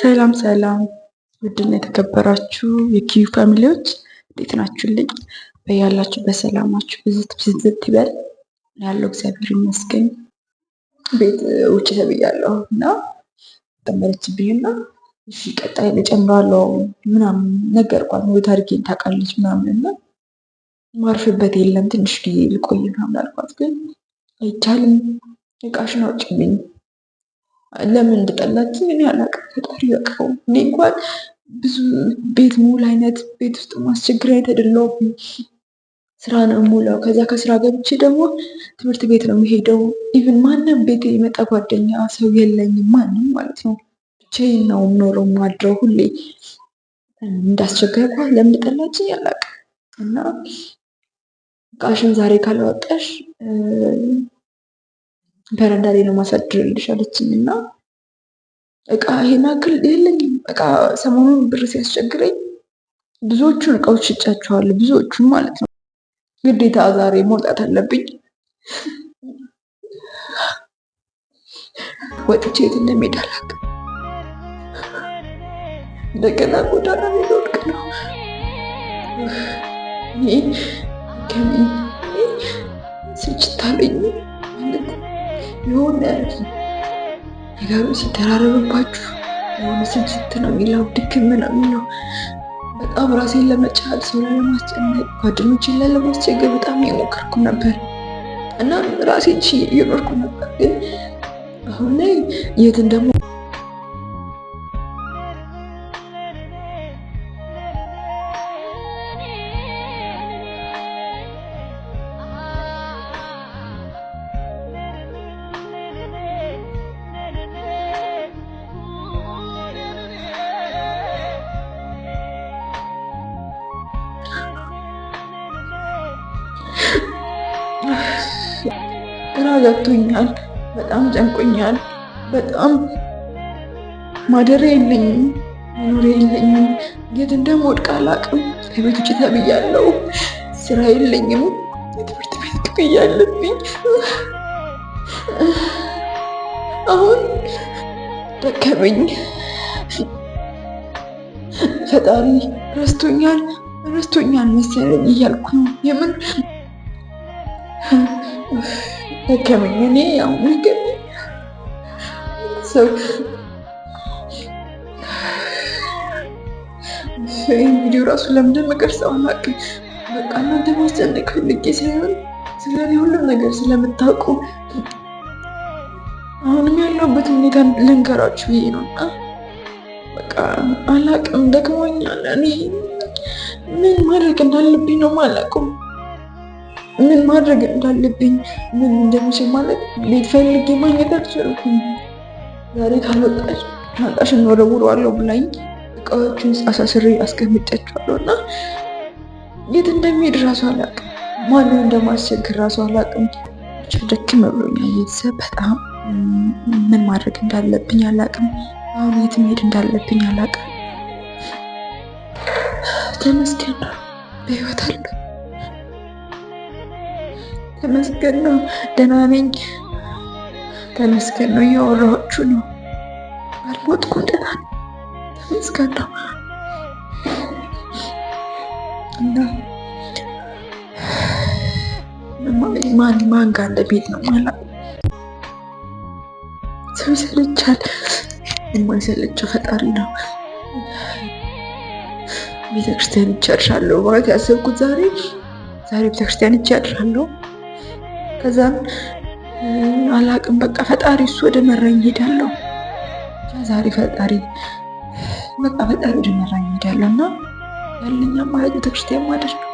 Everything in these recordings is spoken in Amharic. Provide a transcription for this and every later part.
ሰላም ሰላም ውድና የተከበራችሁ የኪዩ ፋሚሊዎች እንዴት ናችሁልኝ? በያላችሁ በሰላማችሁ ብዝት ብዝት ይበል ያለው እግዚአብሔር ይመስገን። ቤት ውጭ ተብያለሁ እና ጠመረችብኝና እሺ ቀጣይ እጨምራለሁ ምናምን ነገርኳት። ወይ ታርጌን ታውቃለች ምናምን እና ማርፍበት የለም ትንሽ ጊዜ ልቆይ ምናምን አልኳት። ግን አይቻልም እቃሽን አውጭብኝ ለምን እንድጠላችኝ እኔ አላውቅም። ፈጣሪ ያውቀው። እኔ እንኳን ብዙ ቤት ሙል አይነት ቤት ውስጥ ማስቸግር አይነት አይደለሁም። ስራ ነው የምውለው። ከዚያ ከስራ ገብቼ ደግሞ ትምህርት ቤት ነው የምሄደው። ኢቭን ማንም ቤት የመጣ ጓደኛ ሰው የለኝም፣ ማንም ማለት ነው። ብቻዬን ነው የምኖረው ማድረው ሁሌ እንዳስቸገርኳ ለምን ጠላችኝ አላውቅም እና እቃሽን ዛሬ ካላወጣሽ በረንዳ ላይ ነው ማሳድረው ይልሻለችኝ እና እቃ ይሄን ያክል የለኝም። እቃ ሰሞኑን ብር ሲያስቸግረኝ ብዙዎቹን እቃዎች ሽጫቸዋለሁ፣ ብዙዎቹን ማለት ነው። ግዴታ ዛሬ መውጣት አለብኝ። ወጥቼ የት እንደሚሄድ አላውቅም። እንደገና ጎዳና ላይ ልወድቅ ነው። ስልችታለኝ ማለት ነው። የሆነ ነገሮች ሲደራረብባችሁ የሆነ ስንት ነው የሚለው ድክም ምናምን ነው። በጣም ራሴን ለመቻል ሰው ለማስጨነቅ ጓደኞችን ላለማስቸገር በጣም የሞከርኩ ነበር እና ራሴን እየኖርኩ ነበር ግን አሁን ላይ የትን እንደሞ ገብቶኛል። በጣም ጨንቆኛል። በጣም ማደሪያ የለኝም፣ መኖሪያ የለኝም። የት እንደምወድቅ አላውቅም። ከቤት ውጭ ተብያለሁ። ስራ የለኝም። የትምህርት ቤት ክፍያ አለብኝ። አሁን ደከመኝ። ፈጣሪ ረስቶኛል ረስቶኛል መሰለኝ እያልኩ ነው የምን ደከመኝ። እኔ ያው ምግብ ሰው እንግዲህ ራሱ ለምንድን መቀርሰው አናውቅም። በቃ እናንተ ማስጨነቅ ፈልጌ ሳይሆን ስለኔ ሁሉም ነገር ስለምታውቁ አሁንም ያለሁበት ሁኔታ ልንገራችሁ ብዬ ነው። እና በቃ አላውቅም፣ ደክሞኛል። እኔ ምን ማድረግ እንዳለብኝ ነው የማላውቀው። ምን ማድረግ እንዳለብኝ ምን እንደምችል ማለት ቤት ፈልጌ ማግኘት አልቻልኩም። ዛሬ ካልወጣች ሻንጣሽን እወረውረዋለሁ ብላኝ እቃዎችን አሳስሬ አስቀምጫቸዋለሁ እና የት እንደሚሄድ ራሱ አላውቅም። ማን እንደማስቸግር ራሱ አላቅም። ብቻ ደክም ብሎኛል ቤተሰብ በጣም ምን ማድረግ እንዳለብኝ አላቅም። አሁን የት መሄድ እንዳለብኝ አላቅም። ተመስገን በህይወት አለሁ። ተመስገን ነው። ደህና ነኝ። ተመስገን ነው። እያወራኋችሁ ነው። አልሞትኩም። ደህና ነኝ። ተመስገን ነው። እና ማን ማን ጋር እንደቤት ነው ማለት ሰው ይሰለቻል። የማይሰለቸው ፈጣሪ ነው። ቤተክርስቲያን ይቻርሻለሁ ማለት ያሰብኩት ዛሬ ዛሬ ቤተክርስቲያን ይቻርሻለሁ። ከዛም አላቅም በቃ ፈጣሪ እሱ ወደ መራኝ ይሄዳለሁ። ዛሬ ፈጣሪ በቃ ፈጣሪ ወደ መራኝ ይሄዳለሁ እና ያለኝ አማራጭ ቤተክርስቲያን ማደር ነው።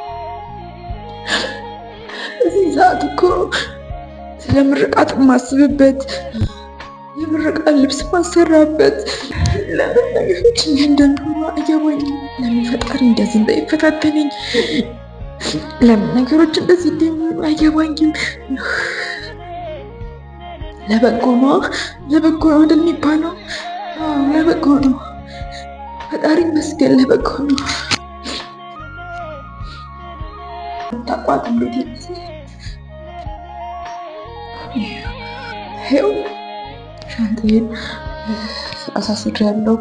እዚህ ሰዓት እኮ ስለ ምርቃት ማስብበት የምርቃት ልብስ ማሰራበት ለምን ነገሮች እንደምሆ አያወኝ ለምን ፈጣሪ እንደዚህ እንዳይፈታተነኝ ለምን ነገሮች እንደዚህ እንደሚሆኑ አይገባኝም። ለበጎ ነው ለበጎ ነው አይደል የሚባለው? ለበጎ ነው። ፈጣሪ ይመስገን ለበጎ ነው። ታቋት እንዴት ይመስላል? ይኸው ሻንጤን አሳስር ያለው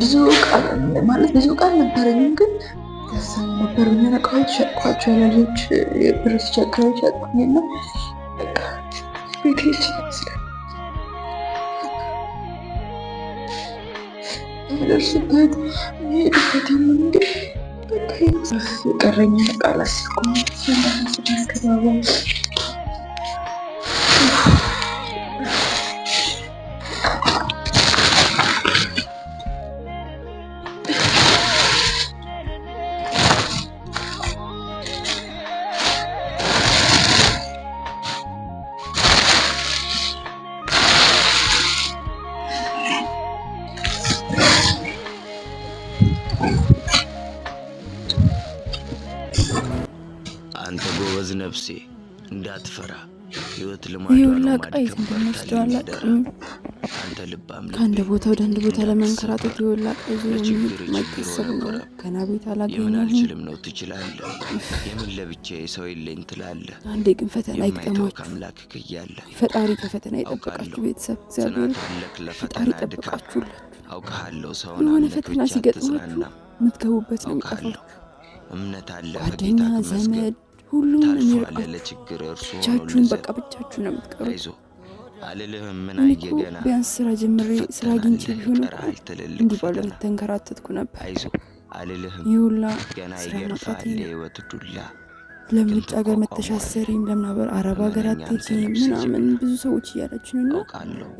ብዙ ቃል ማለት ብዙ ቃል ነበረኝም ግን ገዛም ነበር ምን እቃዎች ሸጥኳቸው ለልጆች ብር ሲቸግረው ሸጥኩኝና ቤት ልጅ ይመስላል የምደርስበት የምሄድበት የምንገድ በቃ የቀረኝ ቃላት ስኩ ጎበዝ ነፍሴ እንዳትፈራ ህይወት ልማዷ ከአንድ ቦታ ወደ አንድ ቦታ ለመንከራተት የወላ ቀይዞ የሚሄድ ነው። ከና ቤት አላገኘሁም አልችልም ነው ትችላለህ። የምን ለብቻዬ ሰው የለኝ ትላለ። አንዴ ግን ፈተና ይግጠማችሁ። ፈጣሪ ከፈተና የጠበቃችሁ ቤተሰብ እግዚአብሔር ፈጣሪ ጠበቃችሁላችሁ። የሆነ ፈተና ሲገጥማችሁ የምትገቡበት ነው የሚጠፋችሁ። ጓደኛ ዘመድ ሁሉም ታልፏል። ለችግር እርሱ ብቻችሁን በቃ ብቻችሁ ነው የምትቀሩ። አልልህም ምን ገና ቢያንስ ስራ ጀምሬ ስራ አግኝቼ ቢሆን እንዲህ ባለ ተንከራተትኩ ነበር። አልልህም ይሁላ ስራ ማጣት የህይወት ዱላ ለምን ውጭ ሀገር መተሻሰሪም ለምን አበር አረብ ሀገር አትሄጂም ምናምን ብዙ ሰዎች እያላችሁ ነው።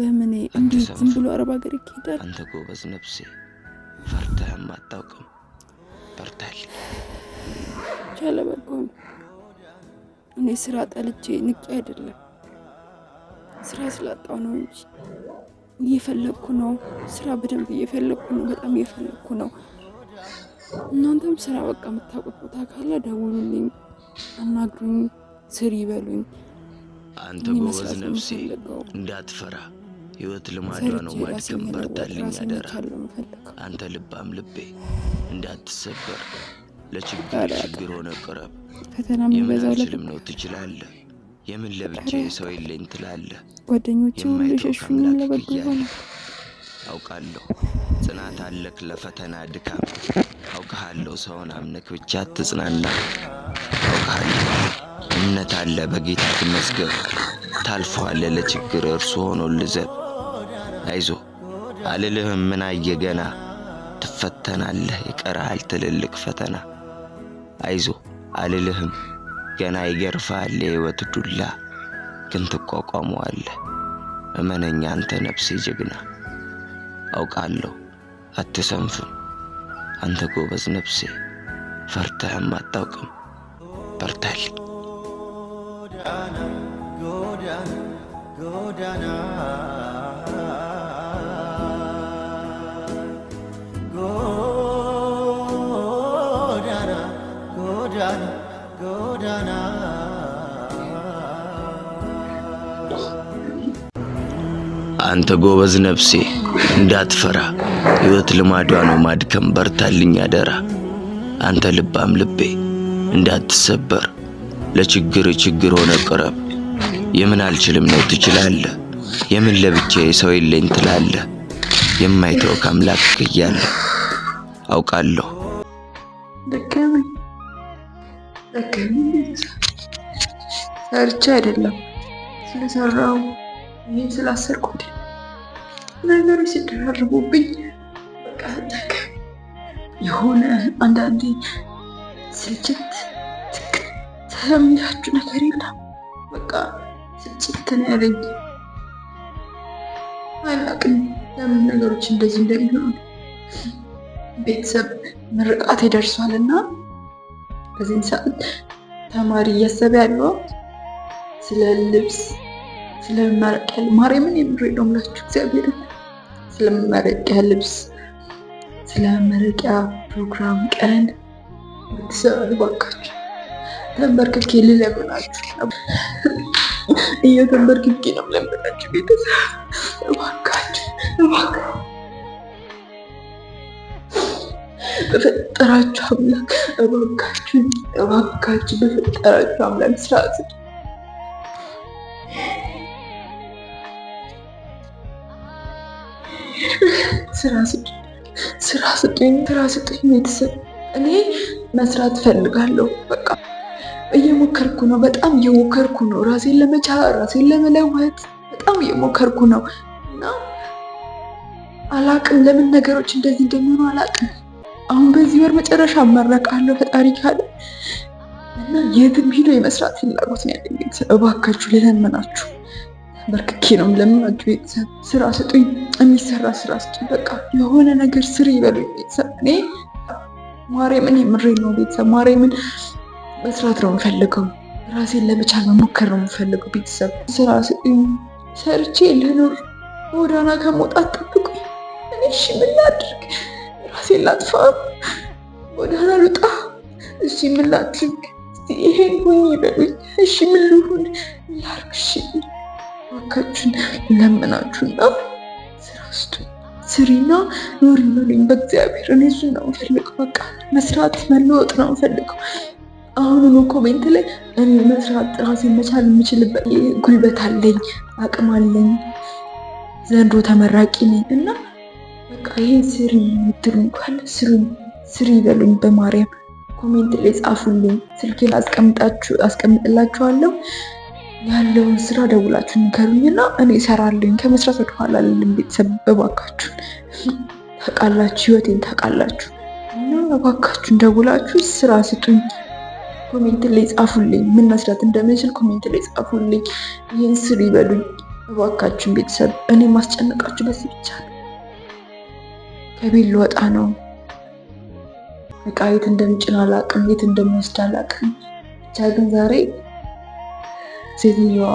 በምን እንዴት ዝም ብሎ አረብ ሀገር ይኬዳል? አንተ ጎበዝ ነፍሴ ፈርተህም አታውቅም። ቻለ በጎ ነው። እኔ ስራ ጠልቼ ንቄ አይደለም፣ ስራ ስላጣው ነው እንጂ እየፈለግኩ ነው። ስራ በደንብ እየፈለግኩ ነው። በጣም እየፈለግኩ ነው። እናንተም ስራ በቃ የምታውቁት ቦታ ካለ ደውሉልኝ፣ አናግሩኝ፣ ስር ይበሉኝ። አንተ ጎበዝ ነፍሴ፣ እንዳትፈራ። ህይወት ልማዷ ነው ማድከም። በርታልኝ አደራ። አንተ ልባም ልቤ፣ እንዳትሰበር ለችግር ችግር ሆነ ቅረብ። ፈተና የምንችልም ነው ትችላለህ። የምን የለኝ ትላለህ። ሁሉ ለበጎ ይሆነ አውቃለሁ። ጽናት አለክ ለፈተና ድካም አውቃለሁ። ሰውን አምነክ ብቻ እምነት አለ በጌታ ትመስገን። ለችግር እርሱ ሆኖ ልዘብ አይዞ አልልህም ምን ገና ትፈተናለህ ይቀርሃል ትልልቅ ፈተና አይዞ አልልህም፣ ገና ይገርፋል የህይወት ዱላ፣ ግን ትቋቋመዋለህ። እመነኛ አንተ ነፍሴ ጀግና። አውቃለሁ አትሰንፍም፣ አንተ ጎበዝ ነፍሴ፣ ፈርተህም አታውቅም። በርታልኝ ጎዳና ጎዳና አንተ ጎበዝ ነፍሴ እንዳትፈራ፣ ሕይወት ልማዷ ነው ማድከም፣ በርታልኝ አደራ። አንተ ልባም ልቤ እንዳትሰበር፣ ለችግር ችግር ሆነ ቅረብ። የምን አልችልም ነው ትችላለህ፣ የምን ለብቻ ሰው የለኝ ትላለ የማይተው ከአምላክ ክያለ አውቃለሁ ሰርቼ አይደለም ስለሰራው ይህን ስላሰርኩ ነገሮች ሲደራርቡብኝ በቃ የሆነ አንዳንዴ ስልችት ትክ ትክተምላችሁ ነገር የለም። በቃ ስልችት ነው ያለኝ። አላቅም ለምን ነገሮች እንደዚህ እንደሚሆኑ። ቤተሰብ ምርቃት ይደርሷል እና በዚህ ሰዓት ተማሪ እያሰበ ያለው ስለ ልብስ ስለመረቅ ያለ ማርያምን የምሬ ነው የምላችሁ እግዚአብሔርን ስለመመረቂያ ልብስ፣ ስለመመረቂያ ፕሮግራም ቀን ሰበብ ባካችሁ ተንበርክኬ ልለምናችሁ ነው። እየተንበርክኬ ነው ለምናችሁ ቤተሰብ እባካችሁ እባካችሁ በፈጠራችሁ አምላክ እባካችሁ እባካችሁ በፈጠራችሁ አምላክ ስራ ስራ ስጡኝ፣ ስራ ስጡኝ፣ ስራ ስጡኝ። ቤተሰብ እኔ መስራት ፈልጋለሁ። በቃ እየሞከርኩ ነው፣ በጣም እየሞከርኩ ነው። ራሴን ለመቻል ራሴን ለመለወጥ በጣም እየሞከርኩ ነው እና አላቅም፣ ለምን ነገሮች እንደዚህ እንደሚሆኑ አላቅም። አሁን በዚህ ወር መጨረሻ እመረቃለሁ ፈጣሪ ካለ እና የትም ሂዶ የመስራት ፍላጎት ነው ያለኝ። እባካችሁ ልለምናችሁ በርክኬ ነው ለምናችሁ ቤተሰብ ስራ ስጡኝ፣ የሚሰራ ስራ ስጡኝ፣ በቃ የሆነ ነገር ስር ይበሉ ቤተሰብ። እኔ ማርያምን የምሬ ነው ቤተሰብ፣ ማርያምን መስራት ነው የምፈልገው፣ ራሴን ለመቻል መሞከር ነው የምፈልገው ቤተሰብ። ስራ ስጡኝ፣ ሰርቼ ልኑር፣ ጎዳና ከመውጣት ጠብቁ እሺ ምን ላድርግ? ራሴን ላጥፋ? ጎዳና ልውጣ? እሺ ምን ላድርግ? ይሄን ሁኝ ይበሉኝ። እሺ ምን ልሁን? ላርግ? እሺ እባካችሁን ለምናችሁና ስራ ስጡኝ፣ ስሪና ኖሪ በሉኝ። በእግዚአብሔር እኔ እሱን ነው የምፈልገው። በቃ መስራት መለወጥ ነው የምፈልገው። አሁኑኑ ኮሜንት ላይ እኔ መስራት ራሴ መቻል የምችልበት ጉልበት አለኝ፣ አቅም አለኝ፣ ዘንድሮ ተመራቂ ነኝ እና በቃ ይሄ ስሪ የምትሉኝ ካለ ስሪ ስሪ በሉኝ። በማርያም ኮሜንት ላይ ጻፉልኝ። ስልኬን አስቀምጥላችኋለሁ። ያለውን ስራ ደውላችሁ ንገሩኝና እኔ እሰራለኝ። ከመስራት ወደኋላ አልልም። ቤተሰብ እባካችሁን ታውቃላችሁ፣ ህይወቴን ታውቃላችሁ እና እባካችሁን ደውላችሁ ስራ ስጡኝ። ኮሜንት ላይ ጻፉልኝ፣ ምን መስራት እንደምችል ኮሜንት ላይ ጻፉልኝ። ይህን ስሩ ይበሉኝ እባካችሁን ቤተሰብ። እኔ ማስጨነቃችሁ በዚህ ብቻ ነው። ከቤት ልወጣ ነው። እቃ የት እንደምጭን አላቅም፣ የት እንደምወስድ አላቅም። ብቻ ግን ዛሬ ሴትዮዋ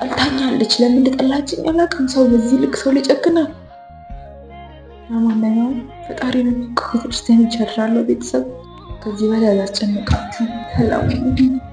ጠልታኛለች። ለምን እንደጠላችኝ አላውቅም። ሰው በዚህ ልክ ሰው ሊጨክናል። ለማንኛውም ፈጣሪ ነው የሚቀ ይቸራለሁ። ቤተሰብ ከዚህ በላይ አላስጨንቃችሁ። ሰላም